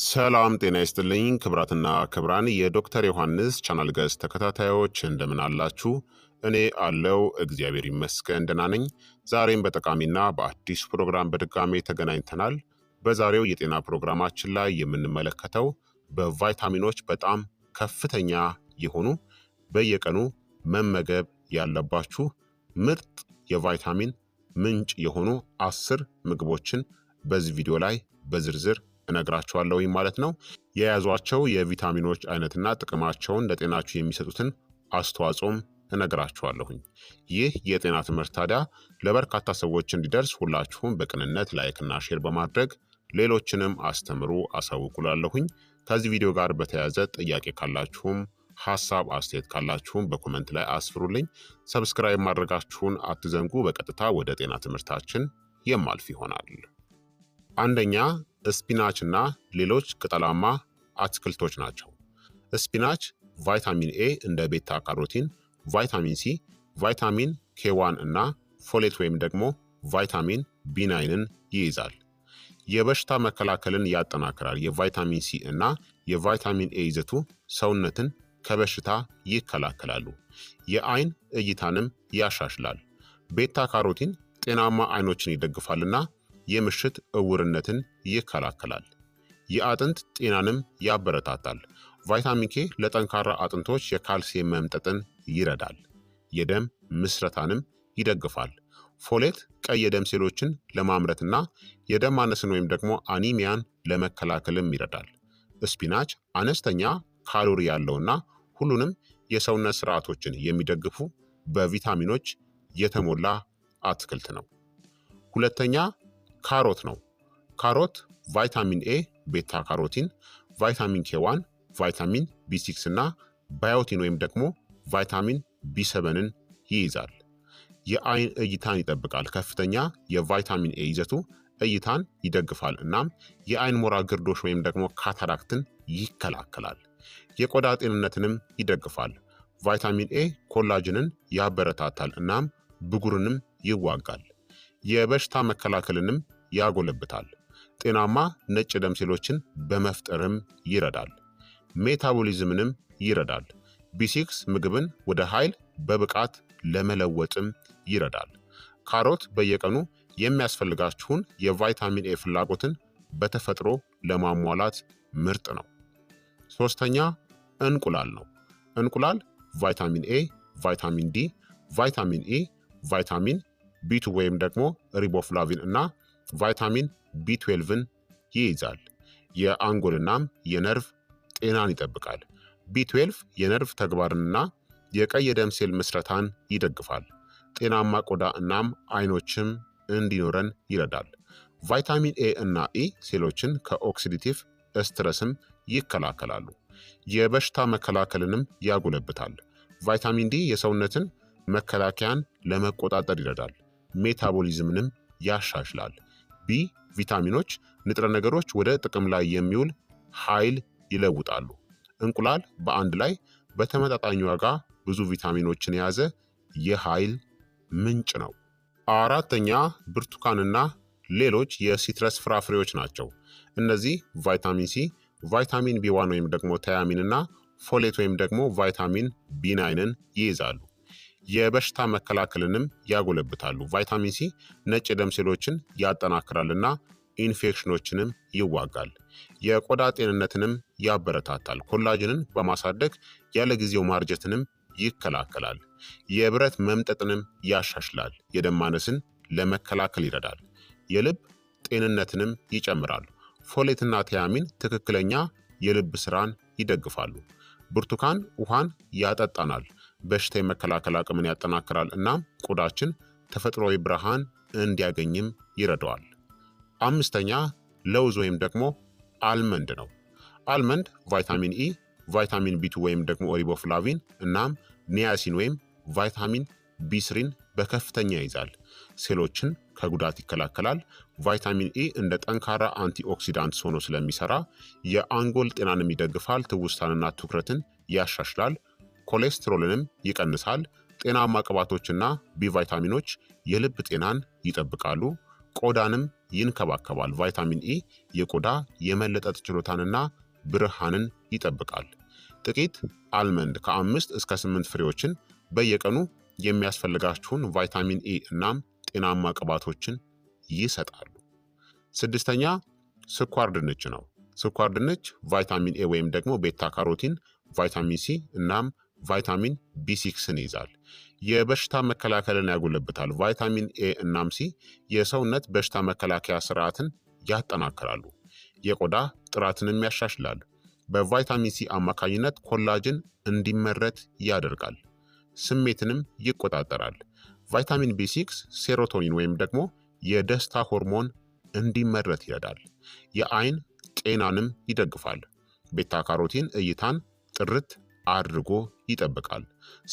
ሰላም ጤና ይስጥልኝ ክብራትና ክብራን የዶክተር ዮሐንስ ቻናል ገጽ ተከታታዮች እንደምን አላችሁ? እኔ አለው እግዚአብሔር ይመስገን ደህና ነኝ። ዛሬም በጠቃሚና በአዲስ ፕሮግራም በድጋሜ ተገናኝተናል። በዛሬው የጤና ፕሮግራማችን ላይ የምንመለከተው በቫይታሚኖች በጣም ከፍተኛ የሆኑ በየቀኑ መመገብ ያለባችሁ ምርጥ የቫይታሚን ምንጭ የሆኑ አስር ምግቦችን በዚህ ቪዲዮ ላይ በዝርዝር እነግራችኋለሁ ማለት ነው። የያዟቸው የቪታሚኖች አይነትና ጥቅማቸውን ለጤናችሁ የሚሰጡትን አስተዋጽኦም እነግራችኋለሁኝ። ይህ የጤና ትምህርት ታዲያ ለበርካታ ሰዎች እንዲደርስ ሁላችሁም በቅንነት ላይክና ሼር በማድረግ ሌሎችንም አስተምሩ አሳውቁላለሁኝ። ከዚህ ቪዲዮ ጋር በተያያዘ ጥያቄ ካላችሁም ሀሳብ አስተያየት ካላችሁም በኮመንት ላይ አስፍሩልኝ። ሰብስክራይብ ማድረጋችሁን አትዘንጉ። በቀጥታ ወደ ጤና ትምህርታችን የማልፍ ይሆናል። አንደኛ ስፒናች እና ሌሎች ቅጠላማ አትክልቶች ናቸው። ስፒናች ቫይታሚን ኤ እንደ ቤታ ካሮቲን፣ ቫይታሚን ሲ፣ ቫይታሚን ኬዋን እና ፎሌት ወይም ደግሞ ቫይታሚን ቢናይንን ይይዛል። የበሽታ መከላከልን ያጠናክራል። የቫይታሚን ሲ እና የቫይታሚን ኤ ይዘቱ ሰውነትን ከበሽታ ይከላከላሉ። የአይን እይታንም ያሻሽላል። ቤታ ካሮቲን ጤናማ አይኖችን ይደግፋልና የምሽት እውርነትን ይከላከላል። የአጥንት ጤናንም ያበረታታል። ቫይታሚን ኬ ለጠንካራ አጥንቶች የካልሲየም መምጠጥን ይረዳል። የደም ምስረታንም ይደግፋል። ፎሌት ቀይ የደም ሴሎችን ለማምረትና የደም ማነስን ወይም ደግሞ አኒሚያን ለመከላከልም ይረዳል። ስፒናች አነስተኛ ካሎሪ ያለውና ሁሉንም የሰውነት ስርዓቶችን የሚደግፉ በቪታሚኖች የተሞላ አትክልት ነው። ሁለተኛ ካሮት ነው። ካሮት ቫይታሚን ኤ፣ ቤታ ካሮቲን፣ ቫይታሚን ኬዋን፣ ቫይታሚን ቢ6 እና ባዮቲን ወይም ደግሞ ቫይታሚን ቢ ይይዛል የአይን እይታን ይጠብቃል። ከፍተኛ የቫይታሚን ኤ ይዘቱ እይታን ይደግፋል እናም የአይን ሞራ ግርዶሽ ወይም ደግሞ ካታራክትን ይከላከላል። የቆዳ ጤንነትንም ይደግፋል። ቫይታሚን ኤ ኮላጅንን ያበረታታል እናም ብጉርንም ይዋጋል። የበሽታ መከላከልንም ያጎለብታል። ጤናማ ነጭ ደም ሴሎችን በመፍጠርም ይረዳል። ሜታቦሊዝምንም ይረዳል። ቢሲክስ ምግብን ወደ ኃይል በብቃት ለመለወጥም ይረዳል። ካሮት በየቀኑ የሚያስፈልጋችሁን የቫይታሚን ኤ ፍላጎትን በተፈጥሮ ለማሟላት ምርጥ ነው። ሶስተኛ እንቁላል ነው። እንቁላል ቫይታሚን ኤ፣ ቫይታሚን ዲ፣ ቫይታሚን ኢ፣ ቫይታሚን ቢቱ ወይም ደግሞ ሪቦፍላቪን እና ቫይታሚን ቢ12ን ይይዛል። የአንጎልናም የነርቭ ጤናን ይጠብቃል። ቢ12 የነርቭ ተግባርንና የቀይ የደም ሴል ምስረታን ይደግፋል። ጤናማ ቆዳ እናም አይኖችም እንዲኖረን ይረዳል። ቫይታሚን ኤ እና ኢ ሴሎችን ከኦክሲዲቲቭ ስትረስም ይከላከላሉ። የበሽታ መከላከልንም ያጎለብታል። ቫይታሚን ዲ የሰውነትን መከላከያን ለመቆጣጠር ይረዳል። ሜታቦሊዝምንም ያሻሽላል። ቢ ቪታሚኖች ንጥረ ነገሮች ወደ ጥቅም ላይ የሚውል ኃይል ይለውጣሉ። እንቁላል በአንድ ላይ በተመጣጣኝ ዋጋ ብዙ ቪታሚኖችን የያዘ የኃይል ምንጭ ነው። አራተኛ ብርቱካንና ሌሎች የሲትረስ ፍራፍሬዎች ናቸው። እነዚህ ቫይታሚን ሲ፣ ቫይታሚን ቢዋን ወይም ደግሞ ታያሚንና ፎሌት ወይም ደግሞ ቫይታሚን ቢናይንን ይይዛሉ የበሽታ መከላከልንም ያጎለብታሉ። ቫይታሚን ሲ ነጭ የደም ሴሎችን ያጠናክራልና ኢንፌክሽኖችንም ይዋጋል። የቆዳ ጤንነትንም ያበረታታል። ኮላጅንን በማሳደግ ያለ ጊዜው ማርጀትንም ይከላከላል። የብረት መምጠጥንም ያሻሽላል። የደም ማነስን ለመከላከል ይረዳል። የልብ ጤንነትንም ይጨምራል። ፎሌትና ቲያሚን ትክክለኛ የልብ ስራን ይደግፋሉ። ብርቱካን ውሃን ያጠጣናል። በሽታ የመከላከል አቅምን ያጠናክራል እናም ቆዳችን ተፈጥሯዊ ብርሃን እንዲያገኝም ይረዳዋል። አምስተኛ ለውዝ ወይም ደግሞ አልመንድ ነው። አልመንድ ቫይታሚን ኢ፣ ቫይታሚን ቢቱ ወይም ደግሞ ኦሪቦፍላቪን እናም ኒያሲን ወይም ቫይታሚን ቢስሪን በከፍተኛ ይዛል ሴሎችን ከጉዳት ይከላከላል። ቫይታሚን ኢ እንደ ጠንካራ አንቲኦክሲዳንት ሆኖ ስለሚሰራ የአንጎል ጤናንም ይደግፋል። ትውስታንና ትኩረትን ያሻሽላል። ኮሌስትሮልንም ይቀንሳል። ጤናማ ቅባቶችና ቫይታሚኖች የልብ ጤናን ይጠብቃሉ። ቆዳንም ይንከባከባል። ቫይታሚን ኢ የቆዳ የመለጠጥ ችሎታንና ብርሃንን ይጠብቃል። ጥቂት አልመንድ ከአምስት እስከ ስምንት ፍሬዎችን በየቀኑ የሚያስፈልጋችሁን ቫይታሚን ኢ እናም ጤናማ ቅባቶችን ይሰጣሉ። ስድስተኛ ስኳር ድንች ነው። ስኳር ድንች ቫይታሚን ኤ ወይም ደግሞ ቤታ ካሮቲን፣ ቫይታሚን ሲ እናም ቫይታሚን ቢሲክስን ይይዛል የበሽታ መከላከልን ያጎለብታል። ቫይታሚን ኤ እናም ሲ የሰውነት በሽታ መከላከያ ስርዓትን ያጠናክራሉ፣ የቆዳ ጥራትንም ያሻሽላል። በቫይታሚን ሲ አማካኝነት ኮላጅን እንዲመረት ያደርጋል፣ ስሜትንም ይቆጣጠራል። ቫይታሚን ቢ ሴሮቶኒን ወይም ደግሞ የደስታ ሆርሞን እንዲመረት ይረዳል። የአይን ጤናንም ይደግፋል። ቤታ ካሮቲን እይታን ጥርት አድርጎ ይጠብቃል።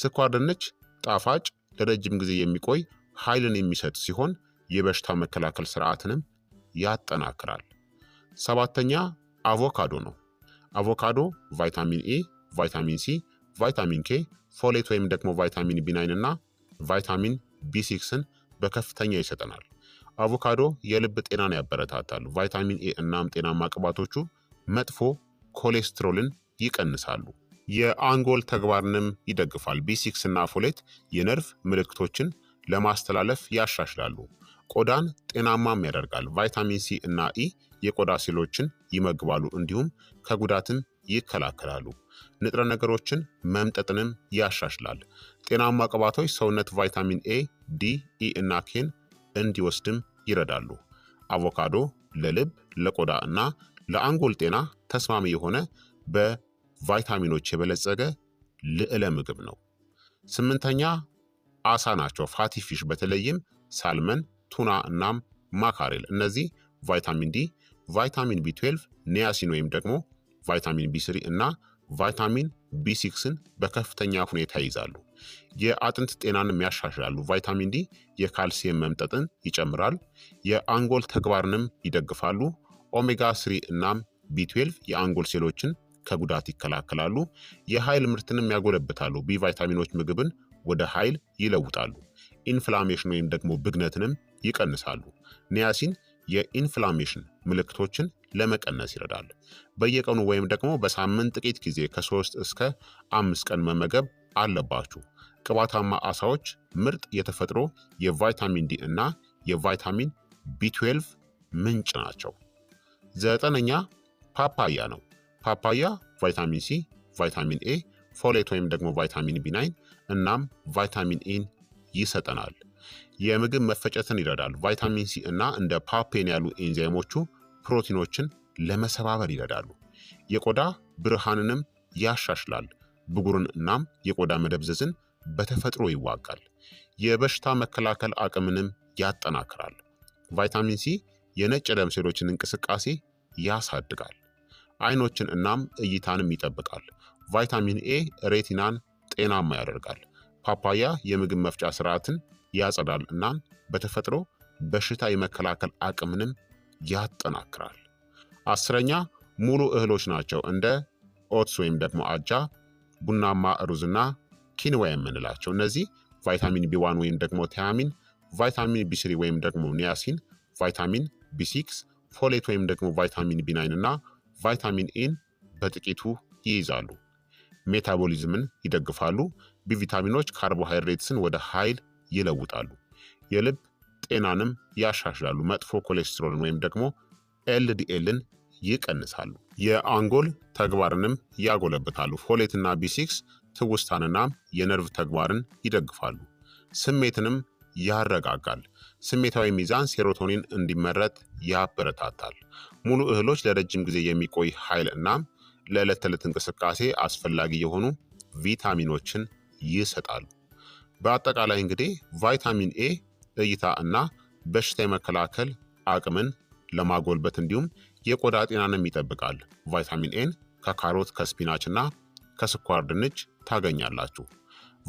ስኳር ድንች ጣፋጭ፣ ለረጅም ጊዜ የሚቆይ ኃይልን የሚሰጥ ሲሆን የበሽታ መከላከል ስርዓትንም ያጠናክራል። ሰባተኛ አቮካዶ ነው። አቮካዶ ቫይታሚን ኤ፣ ቫይታሚን ሲ፣ ቫይታሚን ኬ፣ ፎሌት ወይም ደግሞ ቫይታሚን ቢናይን እና ቫይታሚን ቢሲክስን በከፍተኛ ይሰጠናል። አቮካዶ የልብ ጤናን ያበረታታል። ቫይታሚን ኤ እናም ጤናማ ቅባቶቹ መጥፎ ኮሌስትሮልን ይቀንሳሉ። የአንጎል ተግባርንም ይደግፋል ቢሲክስ እና ፎሌት የነርቭ ምልክቶችን ለማስተላለፍ ያሻሽላሉ። ቆዳን ጤናማም ያደርጋል። ቫይታሚን ሲ እና ኢ e የቆዳ ሴሎችን ይመግባሉ፣ እንዲሁም ከጉዳትም ይከላከላሉ። ንጥረ ነገሮችን መምጠጥንም ያሻሽላል። ጤናማ ቅባቶች ሰውነት ቫይታሚን ኤ፣ ዲ፣ ኢ እና ኬን እንዲወስድም ይረዳሉ። አቮካዶ ለልብ ለቆዳ እና ለአንጎል ጤና ተስማሚ የሆነ በ ቫይታሚኖች የበለጸገ ልዕለ ምግብ ነው። ስምንተኛ አሳ ናቸው። ፋቲ ፊሽ በተለይም ሳልመን፣ ቱና እናም ማካሬል። እነዚህ ቫይታሚን ዲ፣ ቫይታሚን ቢ12፣ ኒያሲን ወይም ደግሞ ቫይታሚን ቢ3 እና ቫይታሚን ቢ6ን በከፍተኛ ሁኔታ ይይዛሉ። የአጥንት ጤናንም ያሻሽላሉ። ቫይታሚን ዲ የካልሲየም መምጠጥን ይጨምራል። የአንጎል ተግባርንም ይደግፋሉ። ኦሜጋ 3 እናም ቢ12 የአንጎል ሴሎችን ከጉዳት ይከላከላሉ፣ የኃይል ምርትንም ያጎለብታሉ። ቢ ቫይታሚኖች ምግብን ወደ ኃይል ይለውጣሉ። ኢንፍላሜሽን ወይም ደግሞ ብግነትንም ይቀንሳሉ። ኒያሲን የኢንፍላሜሽን ምልክቶችን ለመቀነስ ይረዳል። በየቀኑ ወይም ደግሞ በሳምንት ጥቂት ጊዜ ከሶስት እስከ አምስት ቀን መመገብ አለባችሁ። ቅባታማ አሳዎች ምርጥ የተፈጥሮ የቫይታሚን ዲ እና የቫይታሚን ቢ12 ምንጭ ናቸው። ዘጠነኛ ፓፓያ ነው። ፓፓያ ቫይታሚን ሲ፣ ቫይታሚን ኤ፣ ፎሌት ወይም ደግሞ ቫይታሚን ቢናይን እናም ቫይታሚን ኢን ይሰጠናል። የምግብ መፈጨትን ይረዳል። ቫይታሚን ሲ እና እንደ ፓፔን ያሉ ኤንዛይሞቹ ፕሮቲኖችን ለመሰባበር ይረዳሉ። የቆዳ ብርሃንንም ያሻሽላል። ብጉርን እናም የቆዳ መደብዘዝን በተፈጥሮ ይዋጋል። የበሽታ መከላከል አቅምንም ያጠናክራል። ቫይታሚን ሲ የነጭ ደም ሴሎችን እንቅስቃሴ ያሳድጋል። አይኖችን እናም እይታንም ይጠብቃል። ቫይታሚን ኤ ሬቲናን ጤናማ ያደርጋል። ፓፓያ የምግብ መፍጫ ስርዓትን ያጸዳል እናም በተፈጥሮ በሽታ የመከላከል አቅምንም ያጠናክራል። አስረኛ ሙሉ እህሎች ናቸው። እንደ ኦትስ ወይም ደግሞ አጃ፣ ቡናማ ሩዝና ኪንዋ የምንላቸው እነዚህ ቫይታሚን ቢ1 ወይም ደግሞ ቲያሚን፣ ቫይታሚን ቢ3 ወይም ደግሞ ኒያሲን፣ ቫይታሚን ቢ6፣ ፎሌት ወይም ደግሞ ቫይታሚን ቢ9 እና ቫይታሚን ኤን በጥቂቱ ይይዛሉ። ሜታቦሊዝምን ይደግፋሉ። ቢቪታሚኖች ካርቦሃይድሬትስን ወደ ኃይል ይለውጣሉ። የልብ ጤናንም ያሻሽላሉ። መጥፎ ኮሌስትሮልን ወይም ደግሞ ኤልዲኤልን ይቀንሳሉ። የአንጎል ተግባርንም ያጎለብታሉ። ፎሌትና ቢሲክስ ትውስታንና የነርቭ ተግባርን ይደግፋሉ። ስሜትንም ያረጋጋል። ስሜታዊ ሚዛን ሴሮቶኒን እንዲመረት ያበረታታል። ሙሉ እህሎች ለረጅም ጊዜ የሚቆይ ኃይል እና ለዕለት ተዕለት እንቅስቃሴ አስፈላጊ የሆኑ ቪታሚኖችን ይሰጣሉ። በአጠቃላይ እንግዲህ ቫይታሚን ኤ እይታ እና በሽታ የመከላከል አቅምን ለማጎልበት እንዲሁም የቆዳ ጤናንም ይጠብቃል። ቫይታሚን ኤን ከካሮት ከስፒናች እና ከስኳር ድንች ታገኛላችሁ።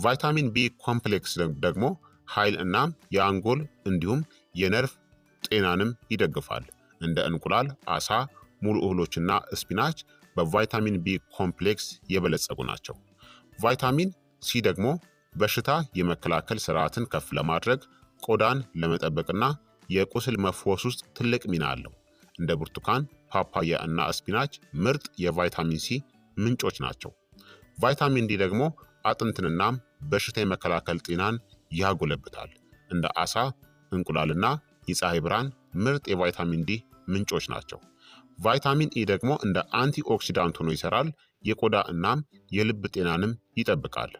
ቫይታሚን ቢ ኮምፕሌክስ ደግሞ ኃይል እናም የአንጎል እንዲሁም የነርቭ ጤናንም ይደግፋል። እንደ እንቁላል፣ አሳ፣ ሙሉ እህሎችና ስፒናች በቫይታሚን ቢ ኮምፕሌክስ የበለጸጉ ናቸው። ቫይታሚን ሲ ደግሞ በሽታ የመከላከል ስርዓትን ከፍ ለማድረግ ቆዳን ለመጠበቅና የቁስል መፈወስ ውስጥ ትልቅ ሚና አለው። እንደ ብርቱካን፣ ፓፓያ እና ስፒናች ምርጥ የቫይታሚን ሲ ምንጮች ናቸው። ቫይታሚን ዲ ደግሞ አጥንትንናም በሽታ የመከላከል ጤናን ያጎለብታል። እንደ አሳ፣ እንቁላልና የፀሐይ ብርሃን ምርጥ የቫይታሚን ዲ ምንጮች ናቸው። ቫይታሚን ኢ e ደግሞ እንደ አንቲኦክሲዳንት ሆኖ ይሰራል። የቆዳ እናም የልብ ጤናንም ይጠብቃል።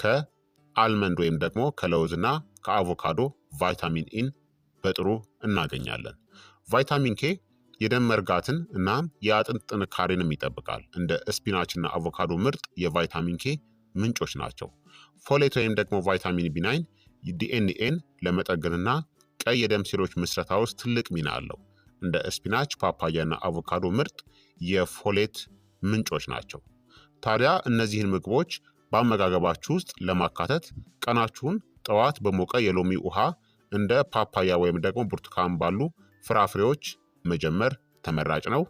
ከአልመንድ ወይም ደግሞ ከለውዝና ከአቮካዶ ቫይታሚን ኢን e በጥሩ እናገኛለን። ቫይታሚን ኬ የደም መርጋትን እናም የአጥንት ጥንካሬንም ይጠብቃል። እንደ ስፒናችና አቮካዶ ምርጥ የቫይታሚን ኬ ምንጮች ናቸው። ፎሌት ወይም ደግሞ ቫይታሚን ቢናይን ዲኤንኤን ለመጠገንና ቀይ የደም ሴሎች ምስረታ ውስጥ ትልቅ ሚና አለው። እንደ ስፒናች፣ ፓፓያና አቮካዶ ምርጥ የፎሌት ምንጮች ናቸው። ታዲያ እነዚህን ምግቦች በአመጋገባችሁ ውስጥ ለማካተት ቀናችሁን ጠዋት በሞቀ የሎሚ ውሃ እንደ ፓፓያ ወይም ደግሞ ብርቱካን ባሉ ፍራፍሬዎች መጀመር ተመራጭ ነው።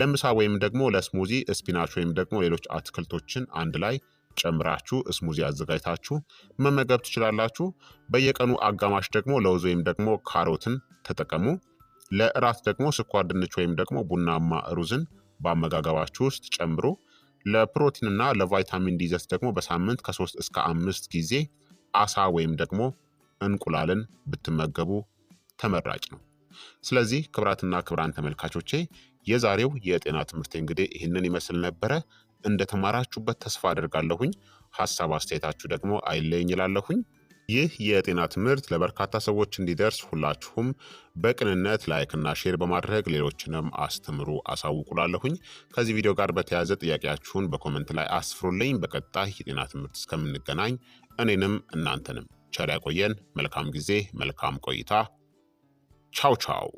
ለምሳ ወይም ደግሞ ለስሙዚ ስፒናች ወይም ደግሞ ሌሎች አትክልቶችን አንድ ላይ ጨምራችሁ ስሙዚ አዘጋጅታችሁ መመገብ ትችላላችሁ። በየቀኑ አጋማሽ ደግሞ ለውዝ ወይም ደግሞ ካሮትን ተጠቀሙ። ለእራት ደግሞ ስኳር ድንች ወይም ደግሞ ቡናማ ሩዝን በአመጋገባችሁ ውስጥ ጨምሮ ለፕሮቲንና ለቫይታሚን ዲ ደግሞ በሳምንት ከሶስት እስከ አምስት ጊዜ አሳ ወይም ደግሞ እንቁላልን ብትመገቡ ተመራጭ ነው። ስለዚህ ክብራትና ክብራን ተመልካቾቼ የዛሬው የጤና ትምህርት እንግዲህ ይህንን ይመስል ነበረ። እንደተማራችሁበት ተስፋ አድርጋለሁኝ። ሀሳብ አስተያየታችሁ ደግሞ አይለኝ ይላለሁኝ። ይህ የጤና ትምህርት ለበርካታ ሰዎች እንዲደርስ ሁላችሁም በቅንነት ላይክና ሼር በማድረግ ሌሎችንም አስተምሩ አሳውቁላለሁኝ። ከዚህ ቪዲዮ ጋር በተያያዘ ጥያቄያችሁን በኮመንት ላይ አስፍሩልኝ። በቀጣይ የጤና ትምህርት እስከምንገናኝ እኔንም እናንተንም ቸር ያቆየን። መልካም ጊዜ፣ መልካም ቆይታ። ቻው ቻው